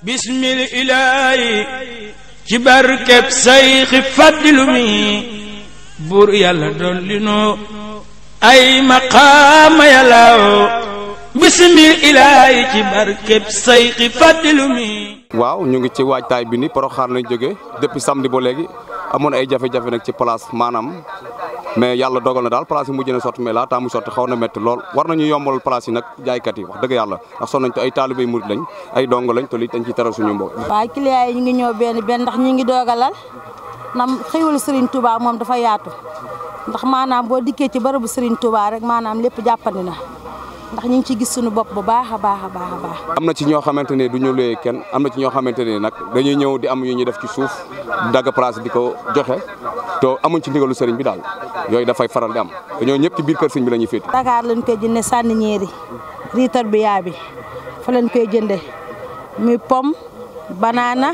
bismil ilaahi ci barkeb sayxi faddilu buur yàlla dolli nu ay maqaama yàllaaw bismil ilaahi ci barkeb sayxi faddilu waaw ñu ngi ci waajtaay bi ni Porokhane lañ jóge depuis samedi ba léegi amoon ay jafe-jafe nag ci place maanaam mais yàlla dogal na daal place yi mujj na sotti mais laataa mu sotti xaw na métti lool war nañu yombal place yi nag jaaykat yi wax dëgg yàlla ndax son nañ te ay taalibay murid lañ ay dong lañ te lii dañ ciy teral suñu mbokk waaw client yi ñu ngi ñëw benn benn ndax ñu ngi doogalal nam xëyul Serigne tubaa moom dafa yaatu ndax maanaam boo dikkee ci bërëbu Serigne tubaa rek maanaam lépp jàppandi na ndax ñu ngi ci gis suñu bopp bu baax a baax a baax am na ci ñoo xamante ne du ñu luye kenn am na ci ñoo xamante ne nag dañuy ñëw di am ñu def ci suuf dagg place di ko joxe to amuñ ci ndigalu sëriñ bi daal yooyu dafay faral di am te ñëpp ci biir kër sëriñ bi la ñuy féete. Dakar lañ koy jëndee sànni ñeeri riitar bi yaa bi fa lañ koy jëndee muy pom banana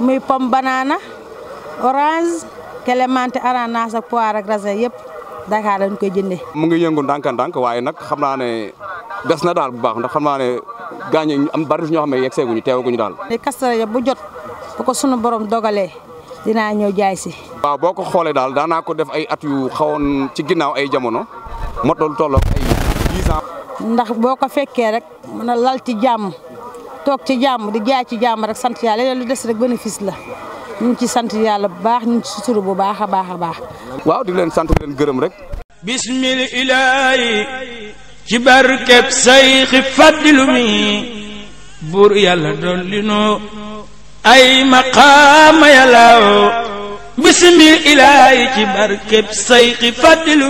muy pomme banana orange clémentine ananas ak poire ak raisin yëpp. Dakar lañ koy jëndee. mu ngi yëngu ndànk-ndànk waaye nag xam naa ne des na daal bu baax ndax xam naa ne gaañ am bari ñoo xam ne yegg seeguñu teewaguñu daal. Kazu bu jot bu ko sunu borom dogalee dinaa ñëw jaay si. waaw boo ko xoolee daal daanaa ko def ay at yu xawoon ci ginnaaw ay jamono motul tolloog ay 10 ans. ndax boo ko fekkee rek mën a lal ci jàmm toog ci jàmm di jaay ci jàmm rek sant yàlla lu des rek bénéfice la. ñu ci sant yàlla bu baax ñu ngi ci suturu bu baax a baax a baax. waaw di leen sant di leen gërëm rek. bismil ilaahi ci barkeb sayxi faddilu mi buur yàlla dolli ay maqaama yàlla bismil ilaahi ci barkeb sayxi faddilu